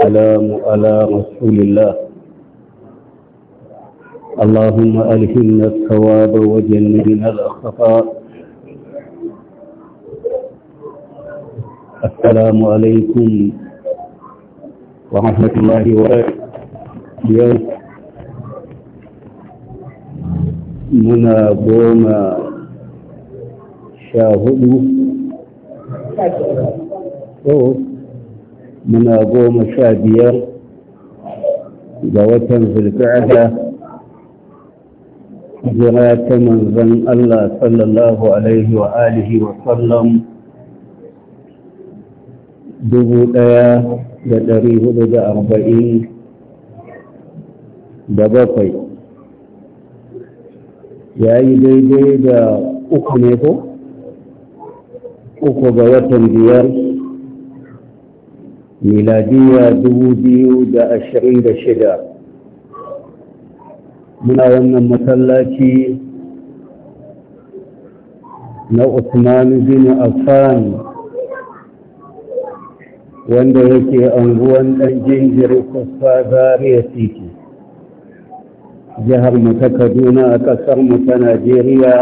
السلام على رسول الله اللهم ألهمنا الثواب وجنبنا الخطاء السلام عليكم ورحمة الله وبركاته منا بوما شاهدوا muna goma sha biyar ga watan zulka'ada jira ta manzan Allah sallallahu alaihi wa alihi wa sallam dubu ɗaya da ɗari hudu da arba'in da bakwai ya yi daidai da uku ne ko uku ga watan biyar miladiya dubu biyu da ashirin da shida muna wannan masallaci na Usman bin Affan wanda yake anguwan ɗan jinjiri kusa zariya titi jihar mu ta Kaduna a ƙasar mu ta Najeriya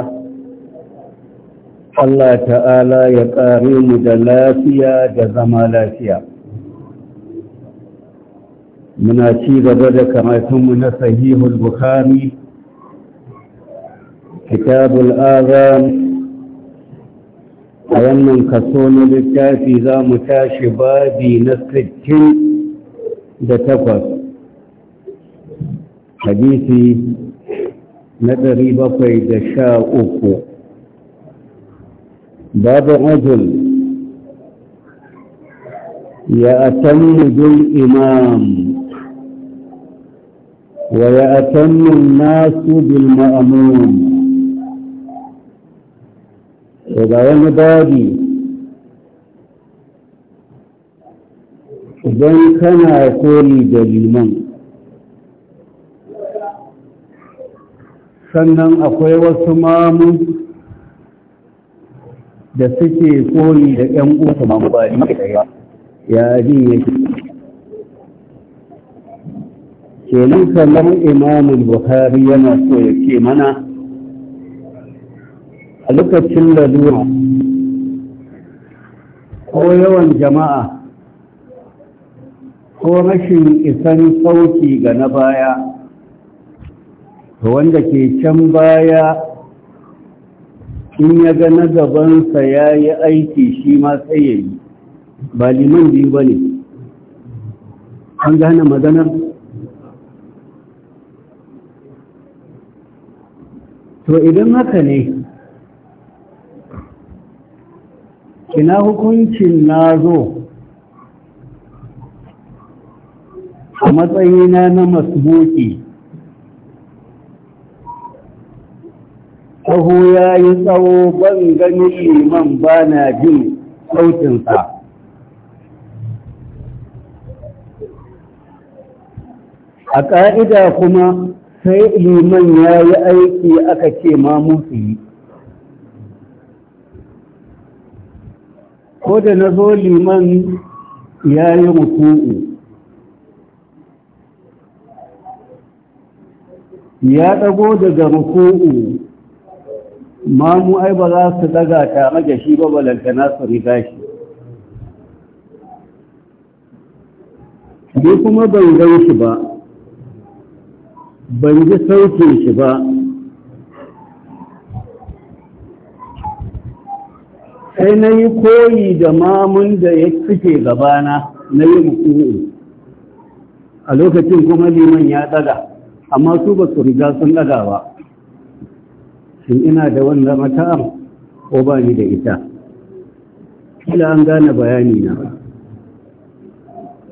Allah ta'ala ya ƙare mu da lafiya da zama lafiya. muna ci gaba da karatunmu na sahihul bukhari kitabul azan a wannan kaso na littafi za mu tashi babi na sittin da takwas hadisi na ɗari bakwai da sha uku babu ajin ya atammu bil imam ويأتم الناس بالمأمون إذا ونبادي إذن كان يقولي جليما sannan akwai wasu mamu da suke koyi da 'yan uku mamu ba ya abin yake kenan kamar imamul buhari yana so ya ce mana a lokacin lalura ko yawan jama'a ko rashin isan sauki ga na baya wanda ke can baya in ya ga na gabansa ya yi aiki shi ma sai ba liman biyu ba ne an gane maganar to idan haka ne ina hukuncin na zo a matsayina na masbuki taho ya yi tsawo ban ganin liman ba na jin sautinsa a ƙa'ida kuma sai liman ya yi aiki aka ce ma musu yi ko da na zo liman ya yi ruku'u ya ɗago daga ruku'u mamu ai ba za su ɗaga tare da shi ba balantana su riga shi ni kuma ban gan shi ba ban ji saukin shi ba sai na yi koyi da mamun da ya suke gabana na yi muku'u a lokacin kuma liman ya daga amma su ba su riga sun daga ba shin ina da wanda mata'am ko ba ni da ita kila an gane bayani na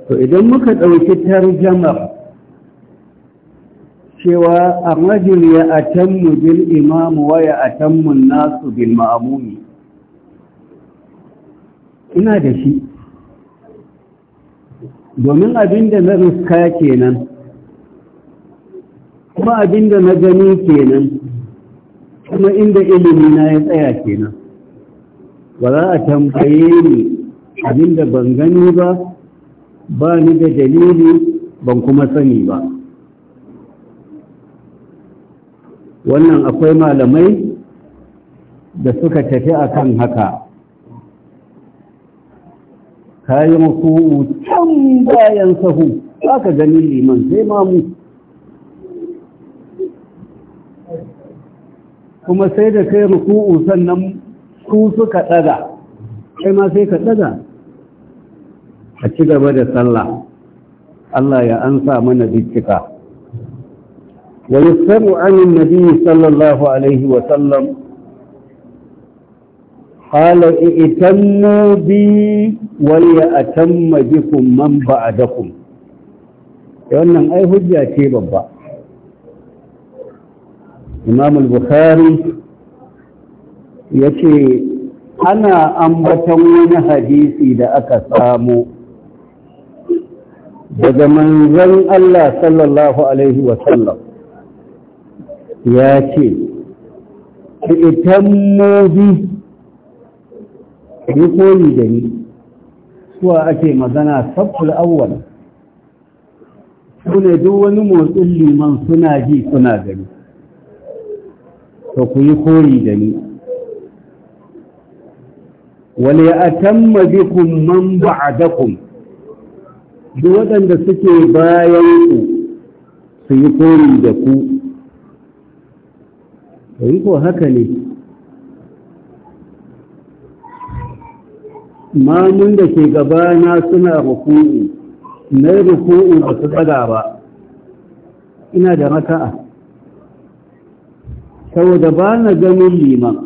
to idan muka ɗauki tarjamar cewa a rajul ya atammu bil imamu wa ya atammu nasu bil ma'amumi ina da shi domin abinda na ruska kenan kuma abinda na gani kenan kuma inda ilimi na ya tsaya kenan ba za a tambaye ni abinda ban gani ba ba ni da dalili ban kuma sani ba wannan akwai malamai da suka tafi akan haka Kayan maku can bayan sahu za ka gani liman sai mamu kuma sai da kai ruku'u sannan su suka ɗaga sai ma sai ka ɗaga a ci gaba da sallah Allah ya ansa mana bincika ويسر عن النبي صلى الله عليه وسلم قال ائتموا بي وليأتم بكم من بعدكم wannan ai hujja ce babba imam al-bukhari yace ana ambaton wani hadisi da aka samu daga manzon Allah sallallahu alaihi wa sallam ya ce itammu mobi yi koyi da ni suwa ake magana sabbul awwal su ne duk wani motsin liman suna ji suna gani to ku yi koyi da ni wale a tamma bikum man ba'dakum duk waɗanda suke bayan ku su yi koyi da ku yi ko haka ne mamun da ke gabana suna ruku'u na ruku'u ba su tsada ba ina da raka'a saboda ba na ganin liman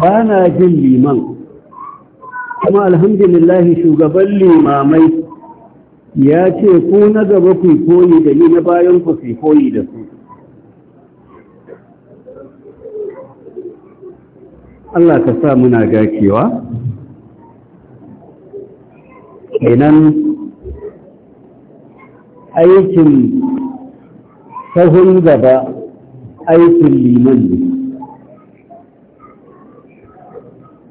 ba na jin liman kuma alhamdulillahi shugaban limamai ya ce ko na gaba ku koyi da ni na bayan ku koyi da su Allah ka sa muna gakewa kenan aikin sahun gaba aikin liman ne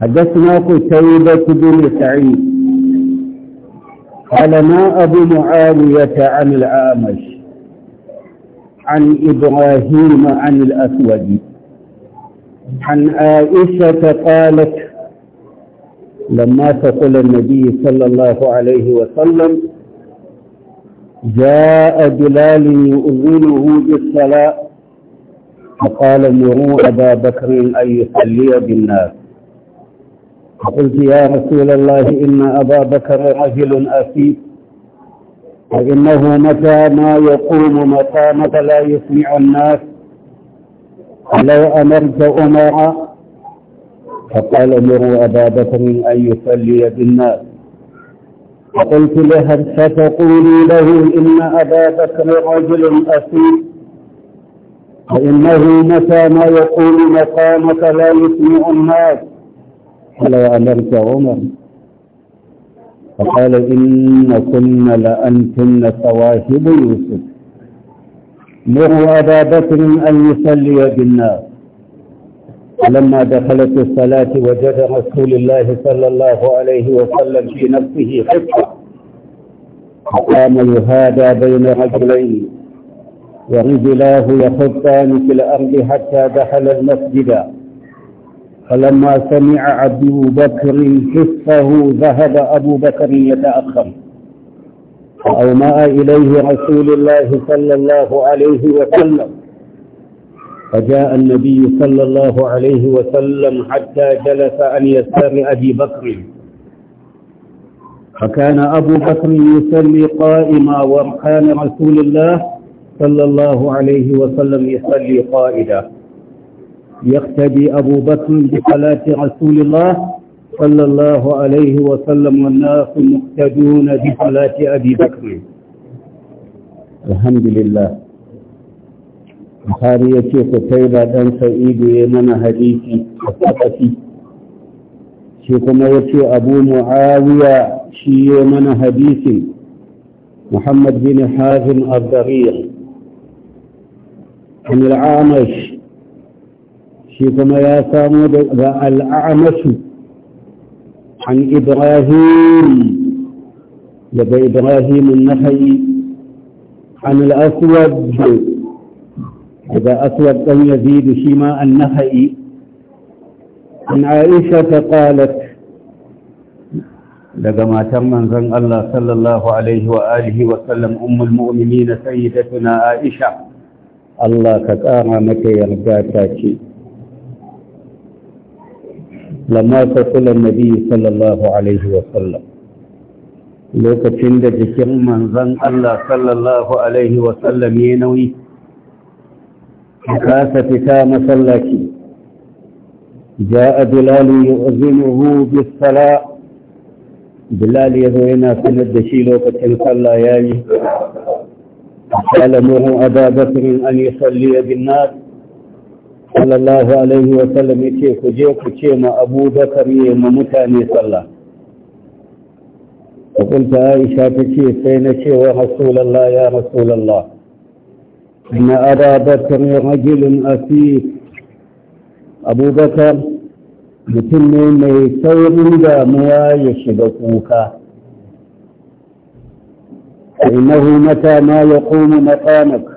حدثنا قتيبة بن سعيد قال ما أبو معاوية عن الأعمش عن إبراهيم عن الأسود عن عائشة قالت لما تقول النبي صلى الله عليه وسلم جاء بلال يؤذنه بالصلاة فقال مروا أبا بكر أن يصلي بالناس فقلت يا رسول الله إن أبا بكر رجل أسيب فإنه متى ما يقوم مقامك لا يسمع الناس لو أمرت أمرا فقال أمروا أبا بكر أن يصلي بالناس فقلت لها فتقولي له إن أبا بكر رجل أسير فإنه متى ما يقول مقامك لا يسمع الناس فلو أمرت عمر فقال إنكن لأنتن صواهب يوسف مروا أبا بكر أن يصلي بالناس فلما دخلت الصلاة وجد رسول الله صلى الله عليه وسلم في نفسه خفة فقام يهادى بين رجلين ورجلاه يخطان في الأرض حتى دخل المسجد فلما سمع أبو بكر حفه ذهب أبو بكر يتأخر ما إليه رسول الله صلى الله عليه وسلم فجاء النبي صلى الله عليه وسلم حتى جلس أن يسر أبي بكر فكان أبو بكر يصلي قائما وكان رسول الله صلى الله عليه وسلم يصلي قائدا يقتدي أبو بكر بصلاة رسول الله صلى الله عليه وسلم والناس مقتدون بصلاة أبي بكر الحمد لله بخاري يتيق سيدا دان سعيد يمن حديث وصفتي شيخ ما يتي أبو معاوية شي يمن حديث محمد بن حازم الضغير عن العامش شيخ ما يسامو الأعمش الأعمش عن إبراهيم لدى إبراهيم النخعي عن الأسود لدى أسود بن يزيد شيماء النخعي عن عائشة قالت لدى ما تمن زن الله صلى الله عليه وآله وسلم أم المؤمنين سيدتنا عائشة الله كتارا متى يرجاكاكي lamma fasila nabi sallallahu alaihi wasallam lokacin da jikin manzan Allah sallallahu alaihi wasallam ya nauyi kasa fita masallaci جاء بلال يؤذنه بالصلاة بلال يذوينا سند دشيلو فتن صلى ياي سألمه أبا بكر أن يصلي بالناس sallallahu alaihi wa sallam ce, ku je ku ce ma Abu Bakar yi ma mutane sallah فقلت Aisha تشي ce ورسول الله يا Rasulallah الله إن أبا بكر رجل أسيف أبو بكر mutum ne mai saurin damuwa ya shiga kuka innahu mata ma yaqumu maqamak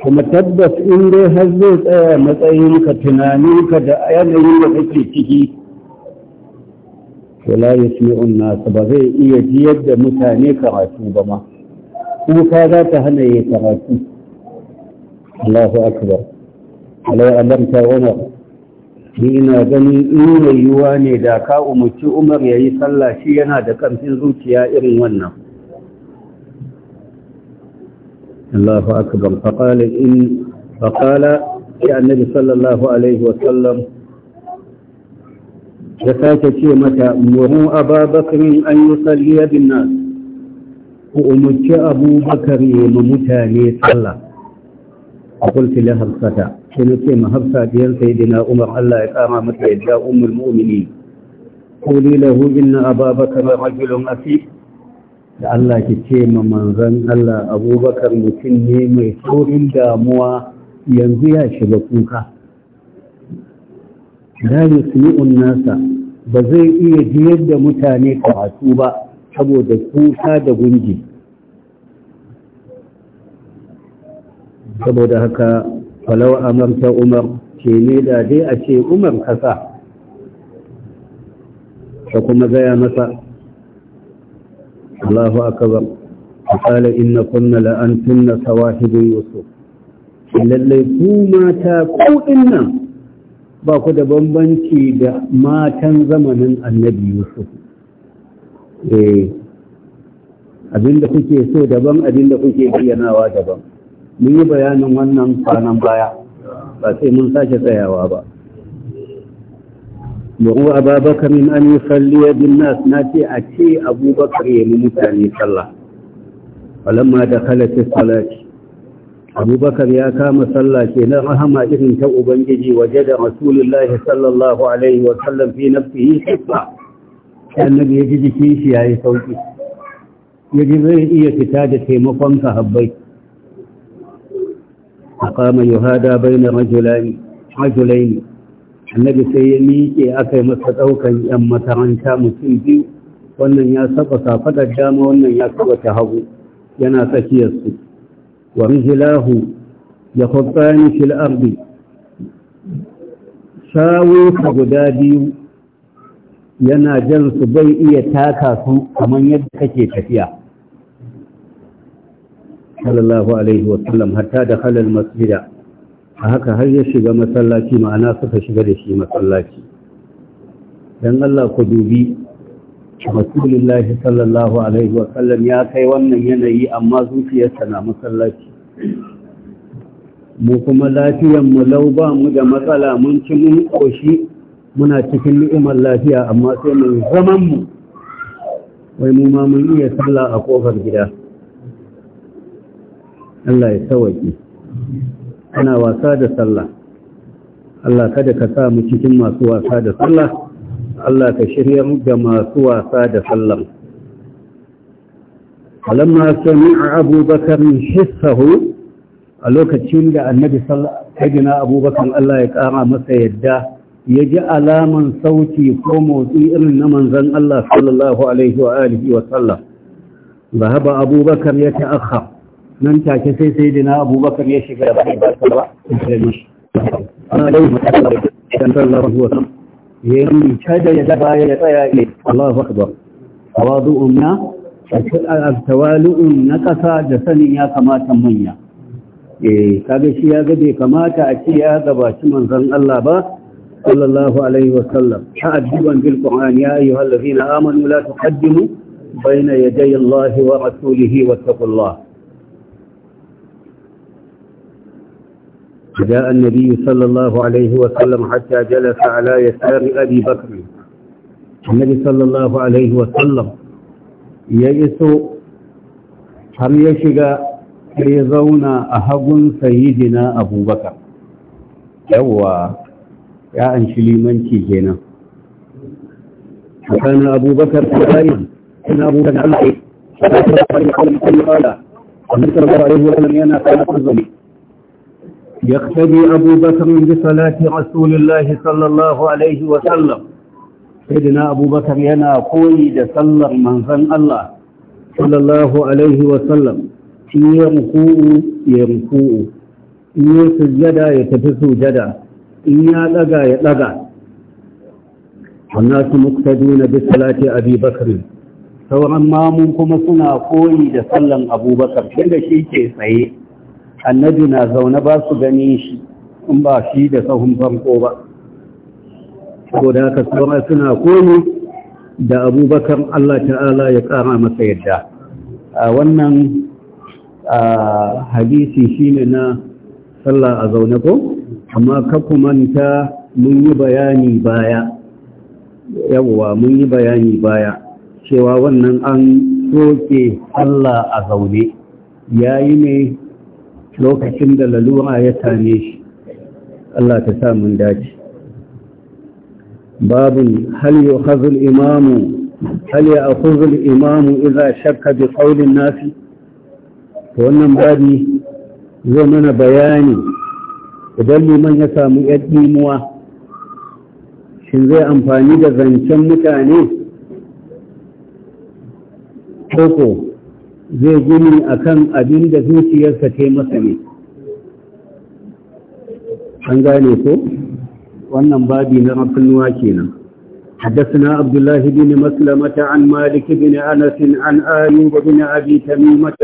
kuma tabbas in dai har zai tsaya matsayin matsayinka tunaninka da yanayin da kake ciki to la yasmi'un nas ba zai iya ji yadda mutane karatu ba ma kuka za ta hana yi karatu Allahu akbar alai alamta wannan. ni ina ganin in mai yiwa ne da ka umarci umar yayi sallah shi yana da kamfin zuciya irin wannan الله أكبر فقال إن فقال يا النبي صلى الله عليه وسلم فساك متى مروا أبا بكر أن يصلي بالناس وأمت أبو بكر ممتاني صلى فقلت لها الفتى شنو ما هبسا ديال سيدنا عمر الله يقام متى يا أم المؤمنين قولي له إن أبا بكر رجل أسيء da Allah ki ce ma manzan Allah abubakar mutum ne mai saurin damuwa yanzu ya shiga kuka la yusmi'un unnasa ba zai iya jiyar da mutane karatu ba saboda kuka da gungi saboda haka falau amarta umar ce ne da dai a ce umar kasa Ka kuma gaya masa الله أكبر فقال إن كنا لأنتن سواحب يوسف lallai ku mata ko inna ba ku da bambanci da matan zamanin annabi yusuf eh abinda kuke so daban abinda kuke bayyanawa daban mun yi bayanin wannan kwanan baya ba sai mun sake tsayawa ba yau Babakar min an yusalli bin nas na ce a ce abubakar ya yi mutane sallah falamma da kalatis salati abubakar ya kama sallah ke na rahama irin ta ubangiji waje da rasulullahi sallallahu alaihi wasallam fi nafsihi sifa annabi ya ji jikin shi ya yi sauki ya ji zai iya fita da taimakon sahabbai a kama yuhada bai na rajulaini annabi sai ya miƙe aka yi masa ɗaukan 'yan makaranta mutum biyu wannan ya saba da dama wannan ya saba ta hagu yana tsakiyarsu wa rijilahu ya kwatsani fil ardi shawuka guda biyu yana jan su bai iya taka su kamar yadda kake tafiya sallallahu alaihi wasallam hatta da halal masjida a haka har ya shiga masallaci ma'ana suka shiga da shi masallaci don Allah ku dubi rasulullahi sallallahu alaihi wasallam ya kai wannan yanayi amma zuciyarsa na masallaci mu kuma lafiyar mu lauba mu da matsala mun ci mun koshi muna cikin ni'imar lafiya amma sai mun zaman mu wai mu ma mun iya sallah a kofar gida Allah ya sauke kana wasa da sallah Allah kada ka sa mu cikin masu wasa da sallah Allah ka shirya ga masu wasa da sallah falamma sami'a Abu Bakar hissahu a lokacin da Annabi sallallahu Abu Bakar Allah ya kara masa yadda ya ji alaman sauti ko motsi irin na manzon Allah sallallahu alaihi wa alihi wa sallam ذهب أبو بكر يتأخر nan take sai sai dina abubakar ya shiga da bai barka ba Ana da shi sallallahu wa sallam yayin kada ya daba ya tsaya ne Allahu akbar tawadu'un na tawalu'un na kasa da sanin ya kamata manya eh kaga shi ya ga bai kamata a ce ya gabaci manzon Allah ba sallallahu alaihi wa sallam ta'adduban bil qur'an ya ayyuhallazina amanu la tuqaddimu bayna yaday Allah wa rasulihi wattaqullah جاء النبي صلى الله عليه وسلم حتى جلس على يسار أبي بكر النبي صلى الله عليه وسلم يئس har ya shiga ya zauna a hagun sayidina abubakar yawwa ya an shi limanci kenan وكان أبو بكر ساريا إن أبو بكر الله عليه وسلم قال النبي صلى الله عليه وسلم ينا كان تنزلي يقتدي أبو بكر بصلاة رسول الله صلى الله عليه وسلم سيدنا أبو بكر ينا قوي صلى من فن الله صلى الله عليه وسلم يركوء يركوء إن يسجد يتفس جدا إن يلقى يلقى والناس مقتدون بصلاة أبي بكر sauran mamun kuma suna koyi da sallan abubakar shi da shi ke tsaye annabi na zaune ba su gani shi in ba shi da sahun famko ba saboda haka tsoron suna koyi da abubakar Allah ta'ala ya ƙara masa yadda a wannan hadisi shine na sallah a zaune ko amma manta mun yi bayani baya yawwa mun yi bayani baya cewa wannan an soke sallah a zaune yayi ne lokacin da lalura ya same shi Allah ta sa mun dace Babu hal yukhadhu al-imamu hal ya'khudhu al-imamu idha shakka bi qawli nasi to wannan babi zai mana bayani idan liman ya samu yaddimuwa shin zai amfani da zancen mutane koko zai gumi akan abin da zuciyarsa ta masa ne an gane ko wannan babi na rafinuwa kenan حدثنا عبد الله بن مسلمة عن مالك بن أنس عن آيوب بن أبي تميمة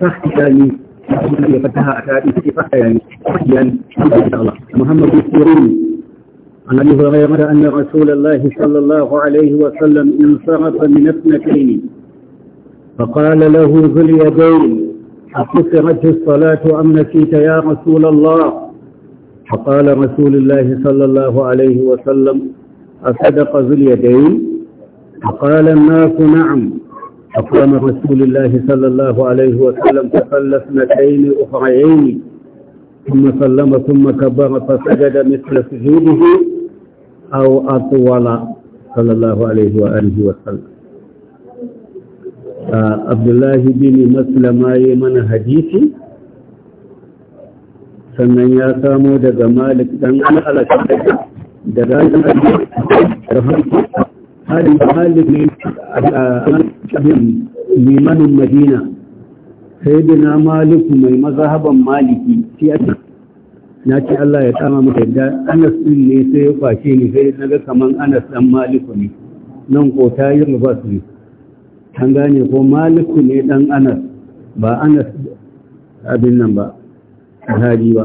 فاحتاني فتها أتاتي فاحتاني يعني الله محمد السيرين عن أبي هريرة أن رسول الله صلى الله عليه وسلم انصرف من اثنتين فقال له ذو اليدين أقصرت الصلاة أم نسيت يا رسول الله فقال رسول الله صلى الله عليه وسلم أصدق ذو اليدين فقال الناس نعم فقام رسول الله صلى الله عليه وسلم فصلى اثنتين أخريين ثم سلم ثم كبر فسجد مثل سجوده أو أطول صلى الله عليه وآله وسلم abdullahi bin maslama ya mana hadisi sannan ya samo daga malik dan alaka da ranar halin malik ne a limanin madina sai da na mai mazhaban maliki siyasa na ce Allah ya tsama maka yadda anas din ne sai ya kwashe ni sai na ga kaman anas dan maliku ne nan ko ta yi rubasu ne an gane ko maliku ne dan anas ba anas abin nan ba sahabi ba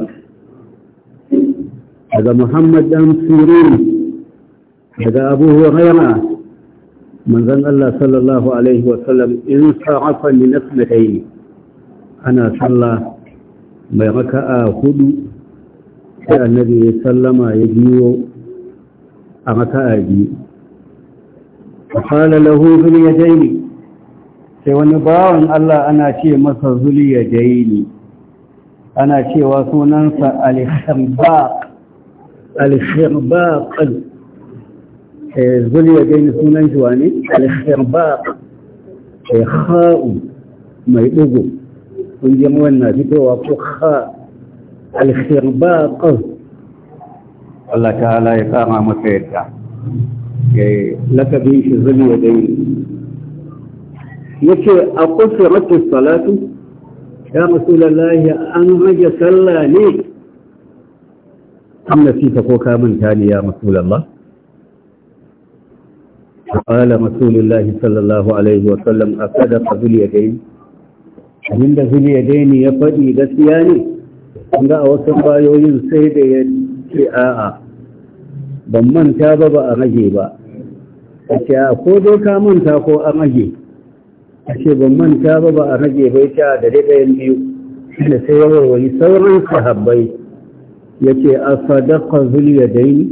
daga muhammad dan sirin daga abu huraira manzon Allah sallallahu alaihi wa sallam in sa'afa min asnatayn ana sallah mai raka'a hudu sai annabi ya sallama ya biyo a raka'a biyu فقال له في اليدين sai wani bawan Allah ana ce masa zuliya daini ana cewa sunansa al-hirbaq al-hirbaq eh, zuliya daini sunan shi ne al ya ha'u mai dugo kun ji wannan fitowa ko ha al-hirbaq Allah ta'ala ya kama masa yadda eh, lakabin shi zuliya daini yace a kusuratu salatu ya rasulullahi an rage sallah ne An fi ta ko ka manta ne ya rasulullah قال رسول الله صلى الله عليه وسلم أصدق ذو اليدين abinda zuliyadaini ya faɗi gaskiya ne ga a wasu bayoyin sai da ya ce a'a ban manta ba ba a rage ba a ce a ko doka manta ko a rage a ce ban manta ba ba a rage bai ta da ɗayan biyu da sai ya warware sauran sahabbai ya ce a sadaka zuliya ne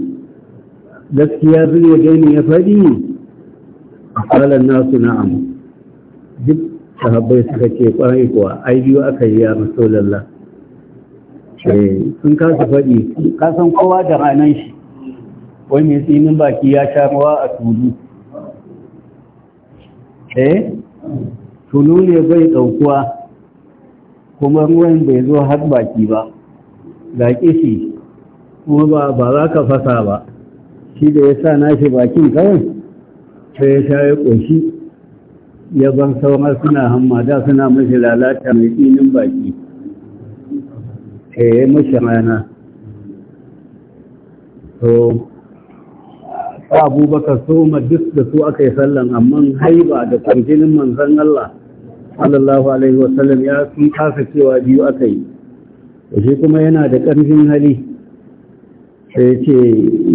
gaskiya zuliya ne ya faɗi a kalan nasu na'am duk sahabbai suka ce ƙwarai kuwa ai biyu aka yi ya lalla. Eh, sun kasa faɗi kasan kowa da ranar shi wani mai tsinin baki ya sha ruwa a tudu eh tulu ne bai ɗaukuwa kuma ruwan bai zo har baki ba ga ƙishi kuma ba za ka fasa ba shi da ya sa nashi bakin kawai sai ya sha ya ƙoshi ya ban sauran suna hamma da suna mashi lalata mai tsinin baki sai ya mashi rana ba abubakar su duk da su aka yi sallan amma haiba da kwanjinin manzan Allah sallallahu alaihi wasallam ya sun kasa cewa biyu aka yi shi kuma yana da ƙarfin hali sai ya ce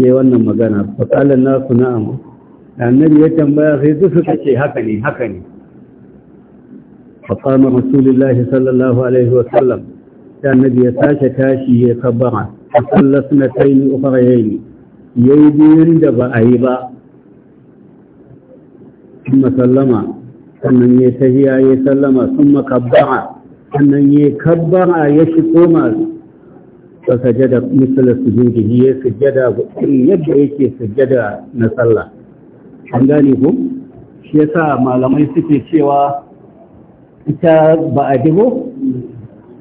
ya wannan magana faƙalar nasu na'am annabi ya tambaya sai duk suka ce haka ne haka ne faƙamar rasulullahi sallallahu alaihi wasallam da annabi ya sake tashi ya kabbara a sallas na taini ukarayayi ya yi biyun da ba a yi ba sun masallama sannan ya tahiya ya sallama sun makabba'a sannan ya kabba'a ya shi koma ta sajada misala su jingihi ya sujada yadda yake sujada na sallah an gane ku shi sa malamai suke cewa ita ba a digo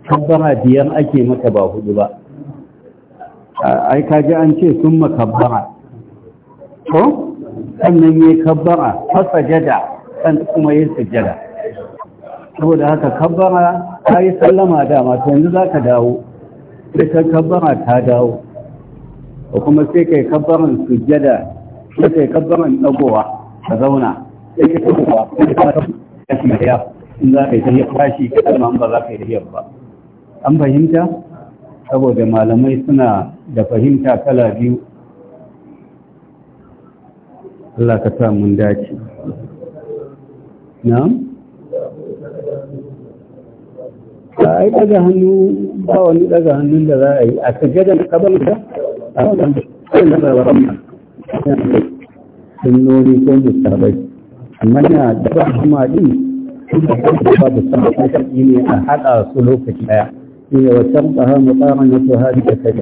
kabbara biyar ake mata ba hudu ba ai kaji an ce sun makabara to sannan ya kabbara fasa jada san kuma ya sujada saboda haka kabbara ta yi sallama dama to yanzu za ka dawo sai ta kabbara ta dawo ko kuma sai kai kabbaran sujada sai kai kabbaran dagowa ka zauna sai ka tafiya sai ka tafiya in za ka yi tafiya fashi ka kalma ba za ka yi tafiya ba an fahimta saboda malamai suna da fahimta kala biyu Allah ka sa mun dace na'am ba a yi daga hannu ba wani daga hannun da za a yi a sajjadan kaban da a wajen da ba ramma nori ko mustabai amma na da ba kuma din ba da ne a haɗa su lokaci ɗaya ne wa sharɗa ha mutarana su hadi da kai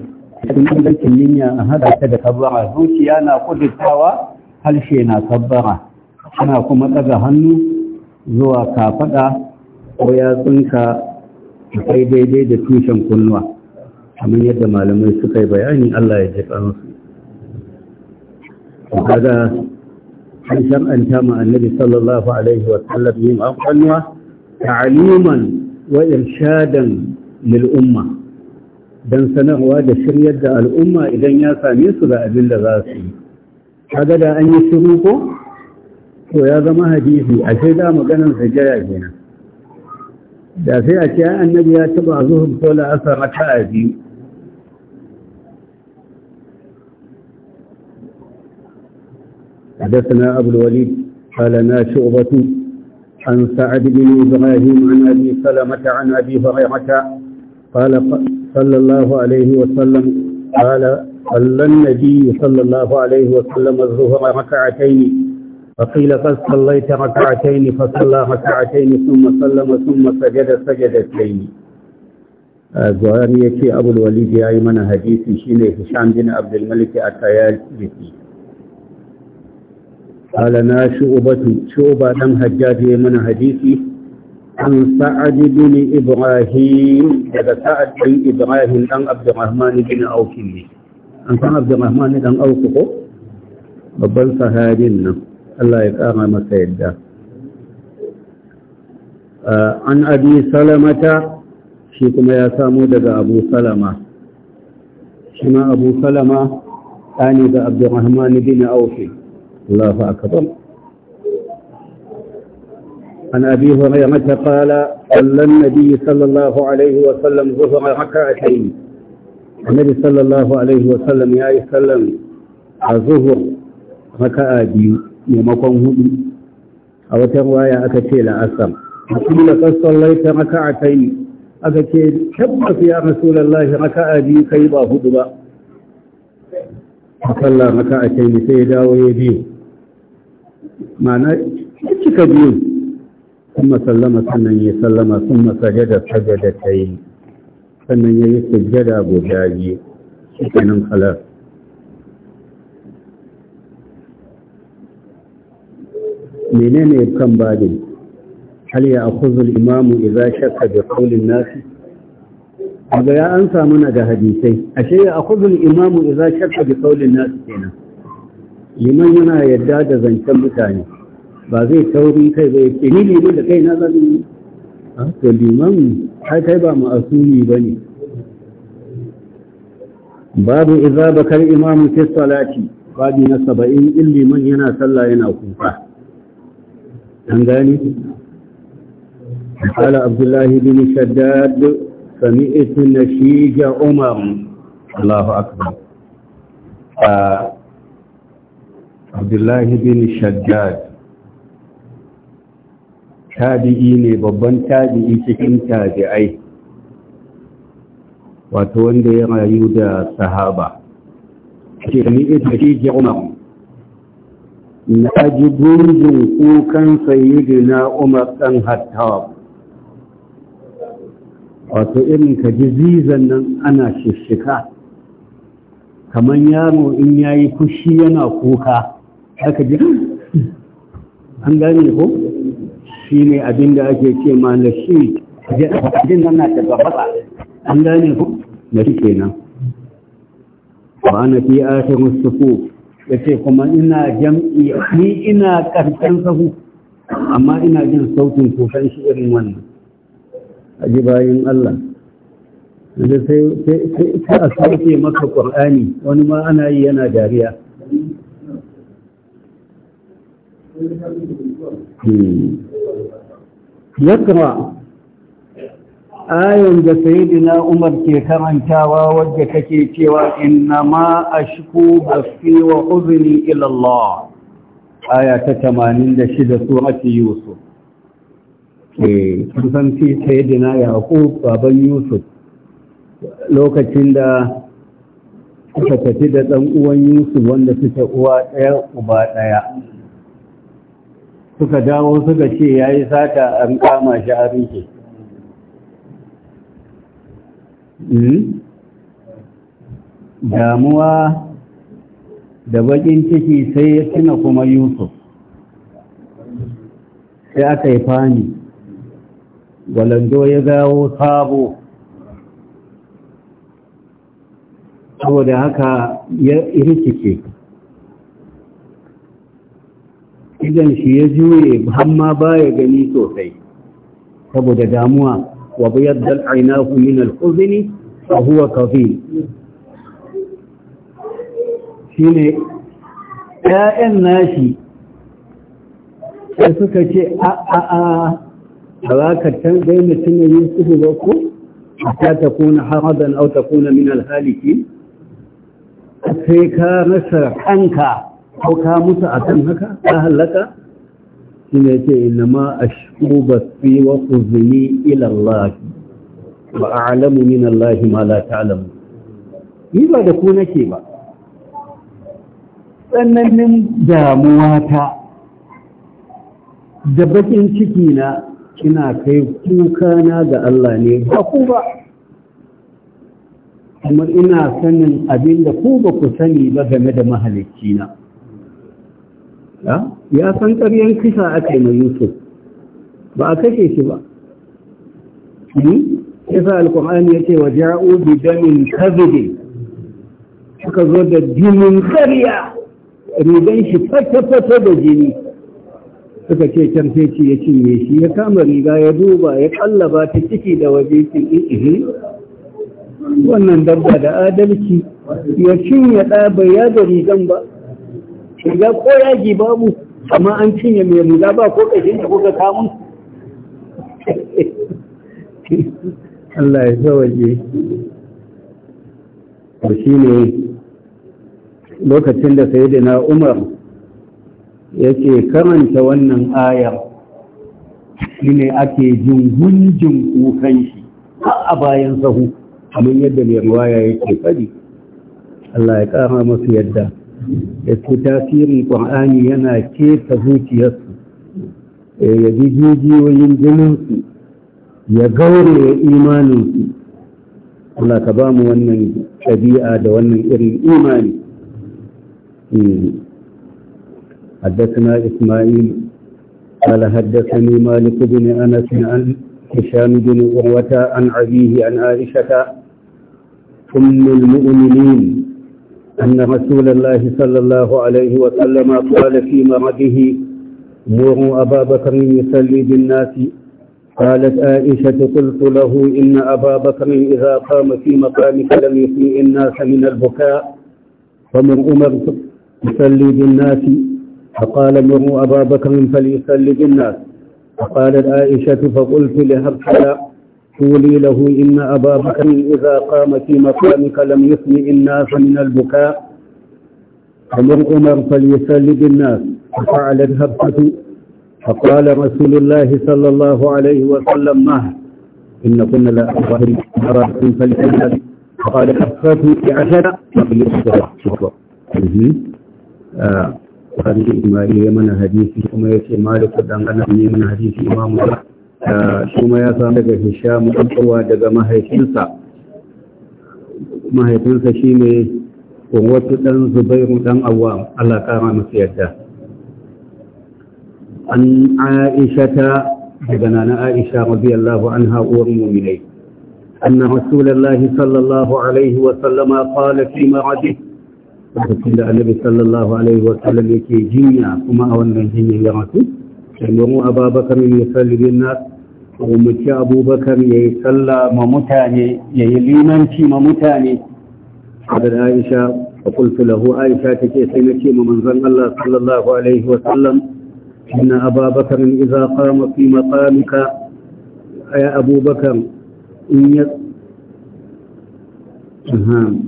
sun ɗaukin niyya a hada ta da kabbara zuciya na kudurtawa harshe na kabbara ana kuma ɗaga hannu zuwa kafaɗa ko yatsunka kai daidai da tushen kunnuwa kamar yadda malamai suka yi bayani Allah ya jefa musu kaga an shar'anta ma sallallahu alaihi wa sallam yin kunnuwa ta'aliman wa irshadan lil'umma don sanarwa da shiryar da al'umma idan ya same su da abin da za su yi kaga da an yi shiru ko to ya zama hadisi a sai da maganar sajjaya kenan da sai a ce annabi ya taba zuhur ko la asar la'asar raka'a biyu حدثنا أبو الوليد قالنا شعبة عن سعد بن إبراهيم عن أبي سلمة عن أبي هريرة قال صلى الله عليه وسلم قال صلى النبي صلى الله عليه وسلم الظهر ركعتين فقيل قد صليت ركعتين فصلى ركعتين ثم سلم ثم سجد سجدتين الزهري يكي أبو الوليد يا إيمان حديثي شيني هشام بن عبد الملك أتيال بكي قال نا شعبة شعبة دم حجاج يمن حديثي عن سعد بن إبراهيم هذا سعد بن إبراهيم عن عبد الرحمن بن أوف عن عبد الرحمن بن أوف babban sahabin nan Allah ya kama masa yadda an abi salamata shi kuma ya samo daga abu salama shi ma abu salama ɗani ga abdurrahman bin aufi عن أبي هريرة قال صلى النبي صلى الله عليه وسلم ظهر ركعتين النبي صلى الله عليه وسلم يا يسلم الظهر ركعة بيو يمكن هدو أو ترواية أكتي لأسم وقيل قد صليت ركعتين أكتي شبت يا رسول الله ركعة بيو كيبا هدو فصلى ركعتين سيدا ويبيو معنى cika biyu kuma sallama sannan ya sallama kuma sajada sajada ta yi sannan ya yi sujjada guda biyu shi kenan halar menene kan babin hal ya akuzul imamu idza shakka bi qawlin nasi daga ya an samu na da hadisai ashe ya akuzul imamu idza shakka bi qawlin nasi kenan liman yana yadda da zancen mutane ba zai tauri kai bai ce ne da kai na zan yi a to liman ai kai ba asuli ba ne babu idza bakar imamu fi salati babi na saba'in in liman yana sallah yana kuka an gani قال عبد الله بن شداد سمعت نشيج عمر الله أكبر عبد الله بن شداد tabi'i ne babban tabi'i cikin tabi'ai wato wanda ya rayu da sahaba ke ni ita shi ke umar na ji kukan sayyidina umar ɗan hattab wato irin ka ji zizan nan ana shishika kamar yaro in yayi kushi yana kuka aka ji an gane ko? shi ne abin da ake ce ma na shi jin nan na daga fasa an gane ku na shi kenan ba na fi asirin ku. ya ce kuma ina jam'i ni ina ƙarshen sahu amma ina jin sautin kusan shi irin wannan a ji bayan Allah da sai a sauke maka ƙur'ani. wani ma ana yi yana dariya Hmm. yakra ayon da sayyidina umar ke karantawa wadda take cewa inna ma ashku bafi wa uzni ila Allah aya ta 86 surati yusuf eh kusan ce sayyidina yaqub baban yusuf lokacin da suka tafi da dan uwan yusuf wanda suke uwa daya uba ɗaya. suka dawo suka ce ya yi sata an kama shi a rike hmm? damuwa da bakin ciki sai ya tuna kuma yusuf sai aka yi fani walando ya gawo sabo saboda haka ya rikice idan shi ya juye hamma baya gani sosai saboda damuwa wa bayaddal aynahu min al-huzni fa huwa kadhib shine ƴaƴan nashi sai suka ce a a a alaka tan dai mutumin Yusuf ba ko ta takuna haradan aw kuna min al sai ka rasa kanka ko mutu a kan haka ka hallaka shi ne ce ma a shuba fi wa kuzini ilallahi ba a alamu min Allahi ma la ta'lamu ni ba da ku nake ba tsananin damuwa ta da bakin ciki na ina kai kuka na ga Allah ne ba ku ba kuma ina sanin abin da ku ba ku sani ba game da mahalicci na ya san ƙaryen kisa ake ma mai yusuf ba a kashe shi ba hmm? yasa alkur'ani ya ce wa ja'u bi damin kazide suka zo da jinin ƙarya rigan shi fata-fata da jini suka ce can feci ya cinye shi ya kama riga ya duba ya kallaba ta ciki da waje cin wannan dabba da adalci ya cinye ɗa bai yada rigan ba riga ko yaji babu amma an cinye mai riga ba ko kashin da kuka kamu Allah ya zawaje to ne lokacin da na Umar yake karanta wannan ayar shine ake gunjin kukan shi a bayan sahu kamar yadda mai ruwaya yake fadi Allah ya kara masu yadda da tasirin ƙwa'ani yana keta zuciyarsu ya ji jijiyoyin jininsu ya gaure imaninsu Allah ka ba mu wannan ɗabi'a da wannan irin imani حدثنا إسماعيل قال حدثني مالك بن أنس عن هشام بن عروة عن أبيه عن عائشة أم المؤمنين أن رسول الله صلى الله عليه وسلم قال في مرضه مر أبا بكر يصلي بالناس قالت عائشة قلت له إن أبا بكر إذا قام في مقامك لم يسمع الناس من البكاء فمر عمر يصلي بالناس فقال مر أبا بكر فليصلي بالناس فقالت عائشة فقلت لها ارحلا قولي له إن أبا بكر إذا قام في مقامك لم يسمع الناس من البكاء أمر عمر فليسل بالناس فقال الهبة فقال رسول الله صلى الله عليه وسلم ما إن كنا لأخبار مرات فليسل فقال هبته بعشرة فليسل شكرا هذه إجمالية من حديث كما مالك دعنا من حديث إمام الله kuma ya samu daga hisham ɗan'uwa daga mahaifinsa mahaifinsa shi ne wasu ɗan zubairu dan Awa. Allah ƙara masu yadda an aisha ta daga nana aisha radiyallahu an haƙuwar muminai أن رسول الله صلى الله عليه وسلم قال في مرضه وقال النبي صلى الله عليه وسلم يكي جنيا كما أولنا جنيا يرسل يأمر أبا بكر يصلي بالناس ومتي أبو بكر يصلى ممتاني يليمان في ممتاني حضر عائشة فقلت له عائشة تكي سينتي ممنزل الله صلى الله عليه وسلم إن أبا بكر إذا قام في مقامك يا أبو بكر إن يت...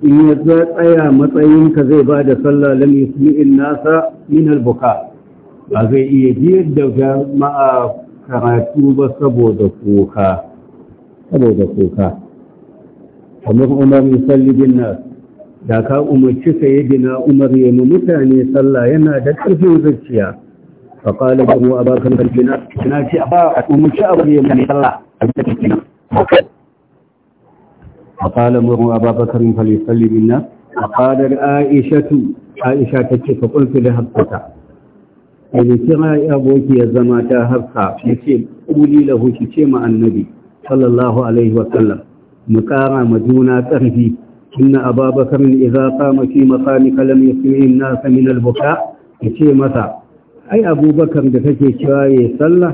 إن يزاد أيا مطعين كذي بعد صلى لم يسمع الناس من البكاء هذا يجيد دوجة مع karatu ba saboda kuka saboda kuka kamar umar salli bin nas da ka umarci sayyidina umar ya mu mutane sallah yana da ƙarfin zuciya fa qala lahu abakan kalbina na ce ba umarci abu ya mu sallah فقال مر أبا بكر فليصلي Aisha فقال عائشة عائشة تكي فقلت da ابتتع da kira ya zama ta harka ya ce ƙuli lahu ki ce ma annabi sallallahu alaihi wasallam mu ƙara ma juna ƙarfi inna ababakar idza qama fi maqamika lam yasmi an-nas min albuka buka ya ce masa ai abubakar da kake cewa ya sallah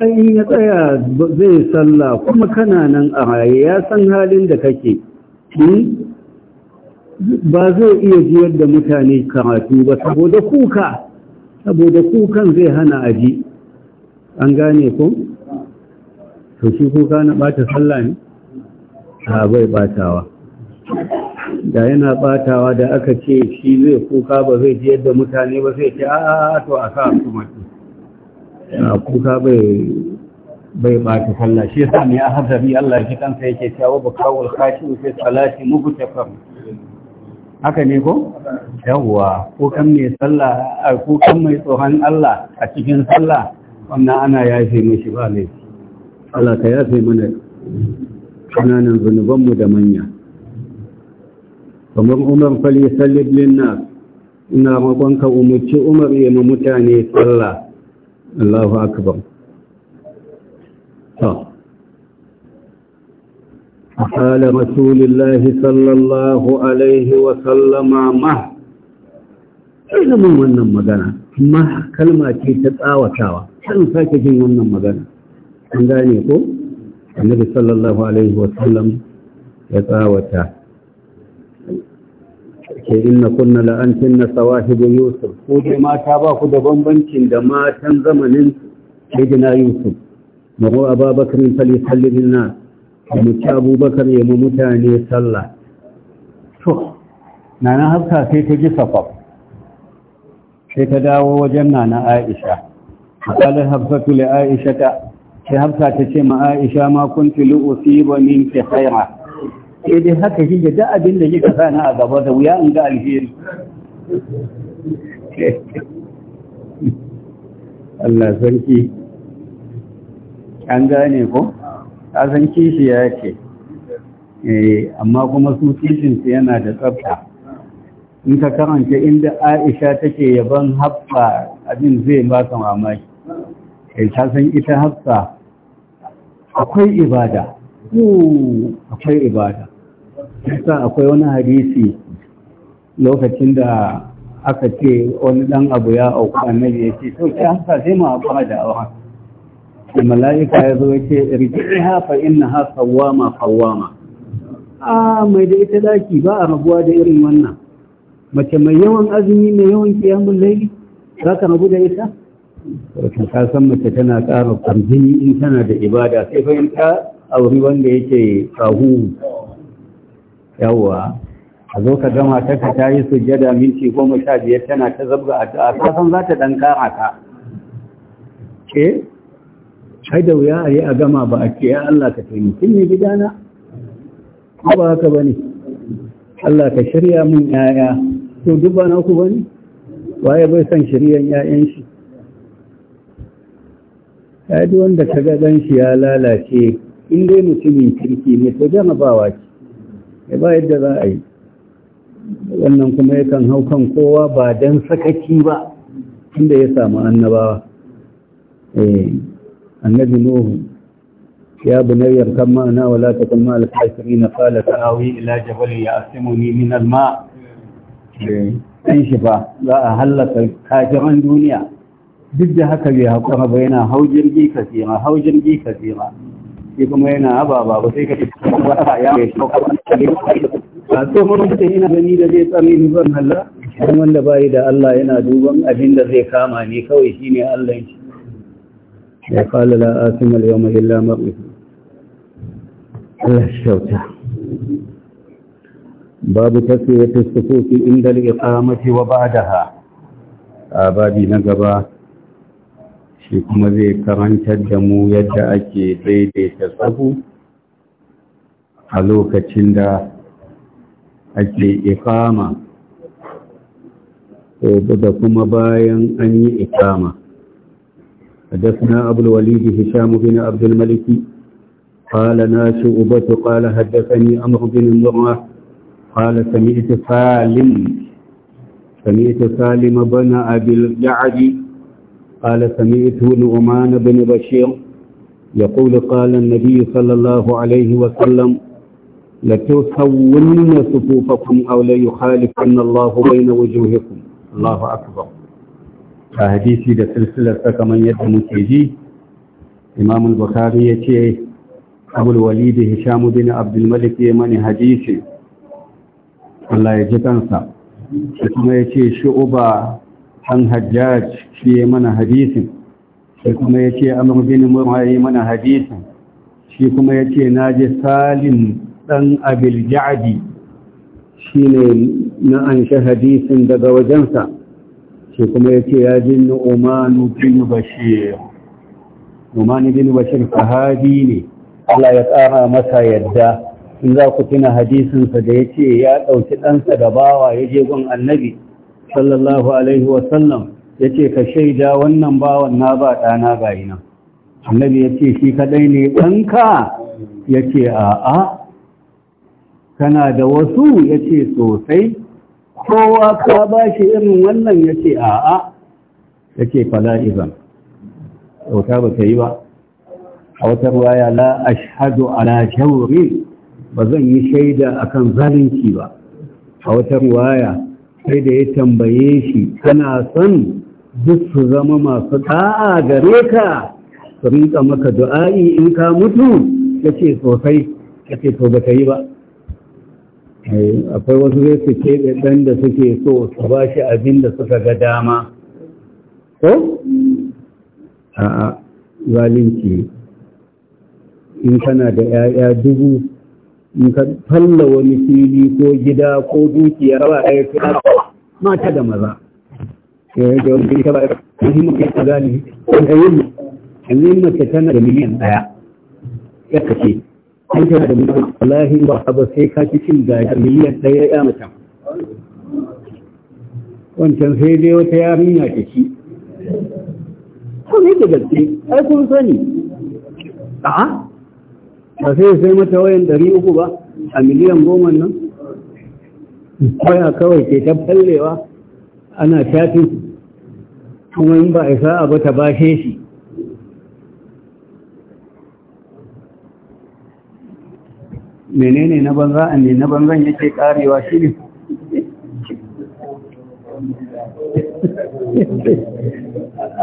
ai in ya tsaya zai sallah kuma kana nan a raye ya san halin da kake hmm? ba zai iya jiyar da mutane karatu ba saboda kuka saboda kukan zai hana aji an gane ko to shi kuka na bata sallah ne a bai batawa da yana batawa da aka ce shi zai kuka ba zai ji yadda mutane ba zai ce a to a sa su mutu a kuka bai bai bata sallah shi yasa ne a hazari Allah shi kansa yake cewa ba kawul khashi fi salati mugtafam haka ne ko yawwa kukan mai sallah a kukan mai tsohon Allah a cikin sallah wannan ana yafe mashi ba ne Allah ka yafe mana kananan zunubanmu da manya kamar umar fali salib linnas ina makonka umarci umar ya ma mutane sallah Allahu akbar to قال رسول الله صلى الله عليه وسلم ما ilimin wannan magana ma kalma ce ta tsawatawa kan sake jin wannan magana an gane ko annabi sallallahu alaihi wa sallam ya tsawata ke inna kunna la'antin na da yusuf ko dai mata ba ku da bambancin da matan zamanin sayyidina yusuf mago ababakar fali sallibin nas mutu abubakar ya mu mutane sallah to nana hafsa sai ta ji safaf sai ta dawo wajen nana aisha matsalar hafsatu li aisha ta sai hafsa ta ce ma aisha ma kunti li usiba ke khaira sai eh, dai haka shi da abin da kika sa na a gaba da wuya in ga alheri Allah sarki an gane ko kasan kishi ya ce eh, amma kuma su kishinsu yana da tsabta. in ka karanta inda aisha take yaban hafsa abin zai ba mamaki kai kasan ita hafsa akwai ibada akwai ibada yasa akwai wani hadisi lokacin da aka ce wani dan abu ya auku annabi ya ce so sai hafsa sai ma fara da awa. da mala'ika ya zo yake rijiha fa ma sawama ma. Ah, a mai da ita daki ba a rabuwa da irin wannan mace mai yawan azumi mai yawan kiyamun laili za ka rabu da ita wato ka mace tana ƙara kwarjini in tana da ibada sai fahimta ta auri wanda yake kahu yawa a zo ka gama ta ka ta yi sujjada minti goma sha biyar tana ta zabga a ta san za ta ɗan ƙara ka ke ai da wuya a yi a gama ba a ke ya Allah ka taimaki ne gidana ko ba haka ba ne Allah ka shirya mun yaya to duk ba ku ba ne waye bai son shiryan yayan shi ya wanda ka ga dan shi ya lalace in dai mutumin kirki ne to jarabawa ce ya ba yadda za a yi wannan kuma yakan hau kan kowa ba dan sakaki ba inda ya samu annabawa eh. النبي نوح يا بني اركب معنا ولا تكن مع الكافرين قال تعاوي الى جبل يعصمني من الماء شفا لا أهلك كافرا دنيا duk da haka bai haƙura ba yana hau jirgi kasira hau jirgi kasira shi kuma yana ababa ba sai ka ci wata ya mai shauka a tsohon mutum yana gani da zai tsare ni ban wanda bai da Allah yana duban abin da zai kama ne kawai shine Allah shi وقال لا آثم اليوم إلا مرئه الله الشوتة باب تسوية الصفوف عند الإقامة وبعدها أبادي نقبا shi kuma zai karantar da mu yadda ake daidaita tsabu a lokacin da ake ikama da kuma bayan an yi ikama حدثنا أبو الوليد هشام بن عبد الملك قال أبت قال حدثني أمر بن المرة قال سمعت سالم سمعت سالم بن أبي الجعد قال سمعت نعمان بن بشير يقول قال النبي صلى الله عليه وسلم لتصون صفوفكم أو ليخالفن الله بين وجوهكم الله أكبر a hadisi da silsilarsa kamar yadda muke ji imam bukhari ya ce abul walid hisham bin al malik ya mani hadisi Allah ya ji kansa kuma ya ce shu'uba an hajjaj shi ya mana hadisin shi kuma ya ce amr bin murra ya mana hadisin shi kuma ya ce na ji salim ɗan abil ja'di shi ne na an shi hadisin daga wajensa shi kuma ya ce ya ji nu'manu bin bashir nu'manu bin bashir sahabi ne Allah ya tsara masa yadda in za ku tuna hadisinsa da ya ce ya ɗauki ɗansa da bawa ya je gun annabi sallallahu alaihi wasallam ya ce ka shaida wannan bawan na ba ɗana ga nan annabi ya ce shi kaɗai ne ɗanka ya ce a'a kana da wasu ya ce sosai kowa ka ba shi irin wannan ya ce a'a ya ce fala'izan kyauta ba ta yi ba a wata ruwaya la a ala shawrin ba zan yi shaida a kan zalunci ba a wata ruwaya sai da ya tambaye shi kana son duk su zama masu ta'a gare ka su rinka maka du'a'i in ka mutu ya ce sosai ce to ba ta yi ba Eh, akwai wasu zai su keɓe ɗan da suke so su ba shi abin da suka ga dama ko? a zalinci in kana da 'ya'ya dubu in ka falla wani fili ko gida ko dukiya ba ɗaya fi mata da maza eh, yanzu mace tana da miliyan ɗaya ya kace an tana da mutum wallahi ba a ba sai ka ci cin gajar miliyan ɗaya ya mata wancan sai dai wata yarinya ta ci ko ne da gaske ai kun sani a'a ba sai sai mata wayan ɗari uku ba a miliyan goma nan waya kawai ke ta fallewa ana shafin kuma in ba a sa'a ba ta bashe shi menene na banza a ne na banzan yake karewa shi ne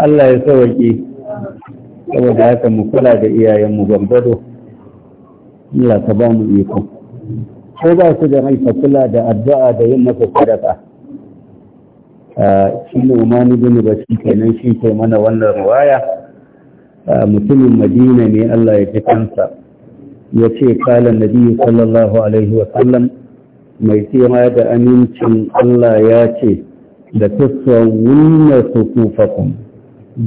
Allah ya sauke saboda haka mu kula da iyayenmu gambado Allah ka ba mu iko ko ba su da rai kula da addu'a da yin masa sadaka ah, shi ne umani bin bashi kenan shi ke mana wannan ruwaya ah, mutumin madina ne Allah ya ji kansa ya ce kala nabi sallallahu alaihi wasallam mai tsira da amincin Allah ya ce da tasawunna sukufakum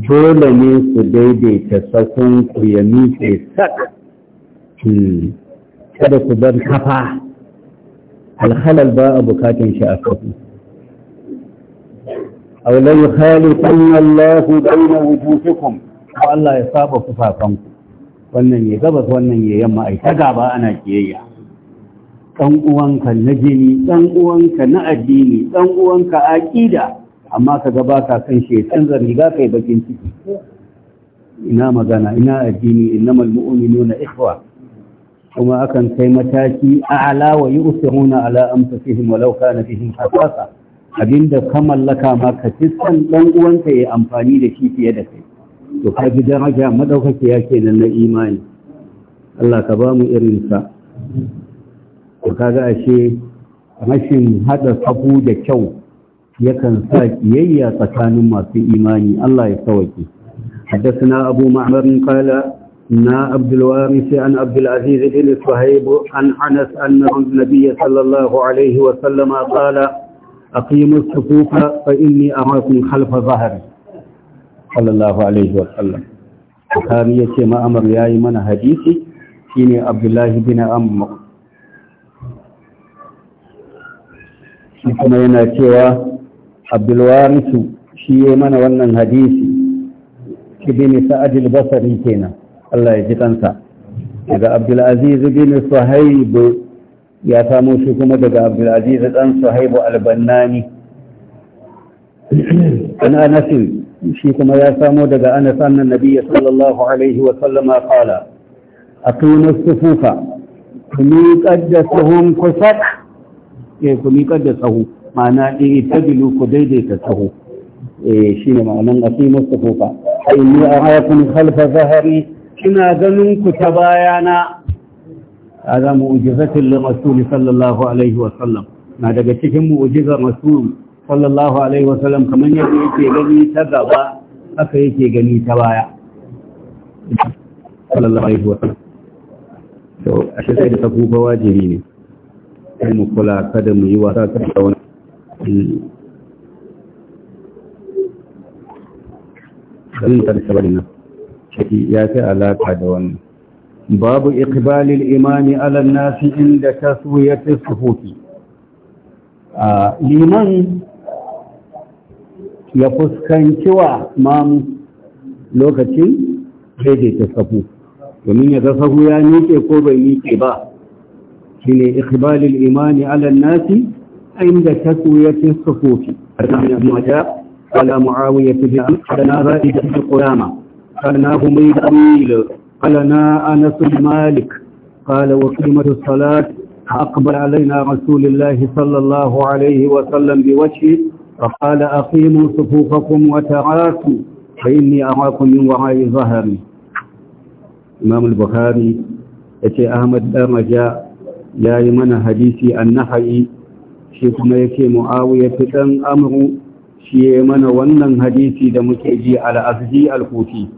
dole ne su daidaita sakon ku ya miƙe sak hmm. kada ku bar kafa alhalal ba a bukatun shi a kafu aw la yukhaliqanna Allahu bayna wujuhikum Allah ya saba kufafanku wannan ya gabas wannan ya yamma ai ta gaba ana kiyayya ɗan uwanka na jini ɗan uwanka na addini ɗan uwanka aƙida amma ka gaba ka kan shi canza riga kai bakin ciki ina magana ina addini innamal mu'minuna ikhwa kuma akan kai mataki a'la wa yusiruna ala anfusihim walau kana fihim hasasa abinda ka mallaka ma ka ci dan uwanka yayi amfani da shi fiye da kai to ka ji daraja madaukaki ya kenan na imani Allah ka ba mu sa. to kaga ashe rashin hada safu da kyau yakan sa kiyayya tsakanin masu imani Allah ya sauke حدثنا أبو معمر قال نا عبد الوارث عن عبد العزيز بن صهيب عن أنس أن النبي صلى الله عليه وسلم قال أقيموا الصفوف فإني أراكم خلف ظهري sallallahu alaihi wasallam bukari ya ce ma'amar ya yi mana hadisi shine abdullahi bin amma shi kuma yana cewa abdulwarisu shi ya mana wannan hadisi ibn sa'ad al-basri kenan Allah ya ji kansa daga abdulaziz bin suhaib ya samu shi kuma daga abdulaziz dan suhaib al-bannani an anasin shi kuma ya samo daga anas annan nabiyyi sallallahu alaihi wa sallama qala atuna sufufa kumi qaddasuhum kusak eh kumi qaddasahu ma'ana eh, ta bilu ku daidaita sahu eh shine ma'anan atuna sufufa ai a arakum khalfa zahari. Kina ganin ku ta bayana هذا معجزة للرسول صلى الله عليه وسلم ما دقى تكن معجزة رسول sallallahu alaihi wasallam kamar yadda yake gani ta gaba haka yake gani ta baya sallallahu alaihi wasallam to a shi sai da tafi ba wajibi ne sai mu kula kada mu yi wasa kada wani ɗin tarkabarina shi ya fi alaƙa da wannan babu ikibalin imani alan nasi inda taswiyatis suhufi a liman ya fuskanci wa mamu lokacin daidaita sahu domin ya ga sahu ya nike ko bai nike ba shi ne ikibalin imani alan nasi inda taswiyatin sufufi على معاوية بن قالنا رائد بن قلامة قالنا هميد أميل قالنا أنس بن مالك قال وقيمة A أقبل علينا رسول الله صلى الله عليه وسلم بوجهه فقال أقيموا صفوفكم وتراكوا فإني أراكم من وراء ظهري إمام البخاري يتي أحمد أرجاء يا يمن حديثي النحي شيكما يتي معاوية تن أمر shi ya mana wannan hadisi da muke ji al'azji al-kufi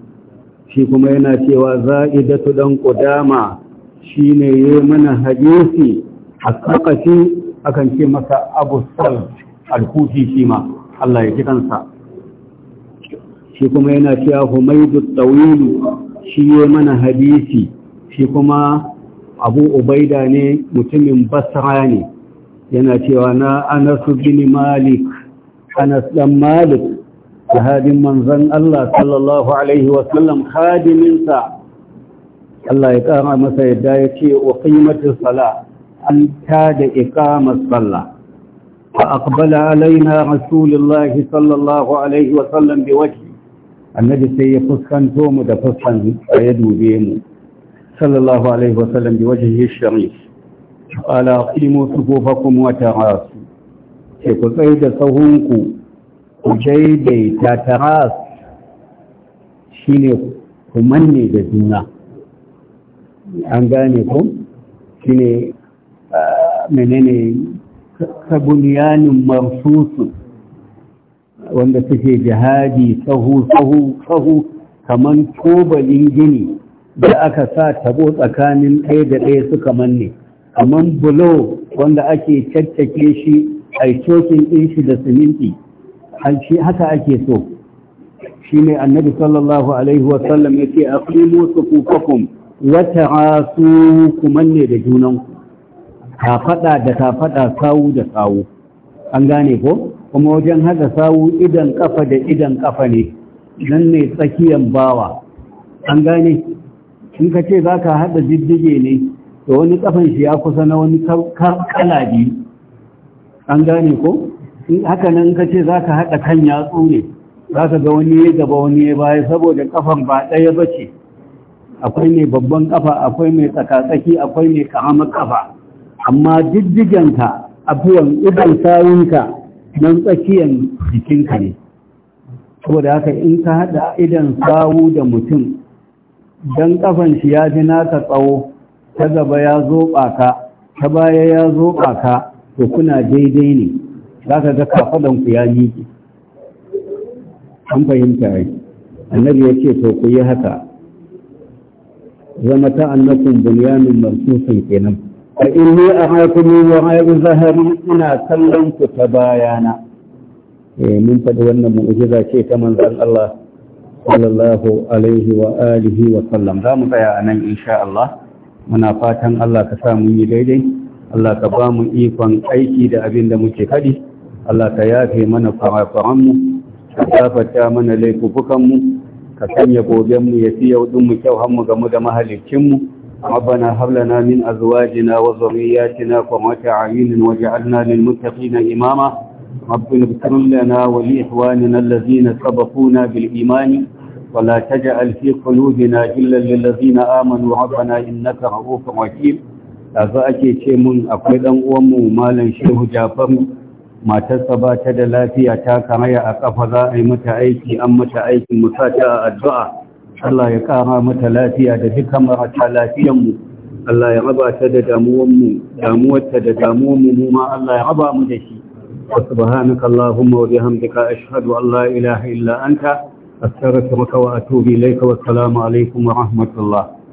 shi kuma yana cewa za'idatu dan ƙudama shine ne ya mana hadisi a ƙaƙashi akan ce masa abu salt alkufi shi ma Allah ya ji kansa shi kuma yana cewa humaidu tsawilu shi ya mana hadisi shi kuma abu ubaida ne mutumin basra ne yana cewa na Anas bin malik anas dan malik jihadin manzan Allah sallallahu alaihi wasallam khadiminsa Allah ya kara masa yadda ya ce wa qimatus sala an ta da iqamat sallah فأقبل علينا رسول الله صلى الله عليه وسلم بوجهه annabi sai ya fuskanto mu da fuskan ya dube mu sallallahu alaihi wasallam bi wajhihi sharif ala qimu sufufakum wa tarasu ke ku tsaye da sahunku ku daidaita taras shine da juna an gane ku shine ka marsusu wanda suke jihadi tsahu tsahu sahu tobalin gini da aka sa tabo tsakanin ɗaya da ɗaya suka manne kaman bulo wanda ake caccake shi a cokin ɗin shi da siminti haka ake so shi ne annabi sallallahu alaihi wasallam ya ce a kuma su kufakun wata rasu kuma ne da junanku kafada da kafada sawu da sawu an gane ko kuma wajen haɗa sawu idan kafa da idan kafa ne nan ne tsakiyan bawa an gane in ka ce za ka haɗa jijjige ne da wani kafan shi ya kusa na wani kala biyu an gane ko haka nan ka ce za ka haɗa kan yatsu ne za ka ga wani ya gaba wani ya baya saboda kafan ba ɗaya ba ce akwai mai babban kafa akwai mai tsakatsaki akwai mai ƙaramar kafa amma jijjiganka abuwan idan sawunka nan tsakiyan jikinka ne da haka in ka haɗa idan sawu da mutum don ƙafan shi ya ji naka tsawo ta gaba ya zo ɓaka, ta baya ya zo ɓaka to kuna daidai ne za ka ga kafaɗanku ya miƙe an fahimta yi, annabi ya ce to ku yi haka zama ta annakun bunyamin marsusin kenan A inni ahakum wa hayy zahari ina kallon ku ta bayana eh mun faɗi wannan mu'jiza ce ta manzon Allah sallallahu alaihi wa alihi wa sallam za mu tsaya anan insha Allah muna fatan Allah ka sa mu yi daidai Allah ka bamu ikon aiki da abin da muke kaɗi. Allah ka yafe mana farafaran mu ka tafata mana laifukan mu ka sanya goben mu ya yau din kyau har mu gamu da mahaliccin mu ربنا هب لنا من أزواجنا وذرياتنا قرة أعين واجعلنا للمتقين إماما ربنا اغفر لنا ولإخواننا الذين سبقونا بالإيمان ولا تجعل في قلوبنا إلا للذين آمنوا ربنا إنك رؤوف رحيم kaza ake ce mun akwai dan uwanmu malam Shehu Jafar matarsa ba ta da lafiya ta karaya a kafa za a yi mata aiki an mata aikin musata a addu'a Allah ya ƙara mata lafiya da duka marata lafiyanmu Allah ya raba ta da damuwanmu damuwarta da damuwanmu ma Allah ya raba mu da shi wa subhanaka allahumma wa bihamdika ashhadu an la ilaha illa anta astaghfiruka wa atubu ilayka wa assalamu alaikum wa rahmatullah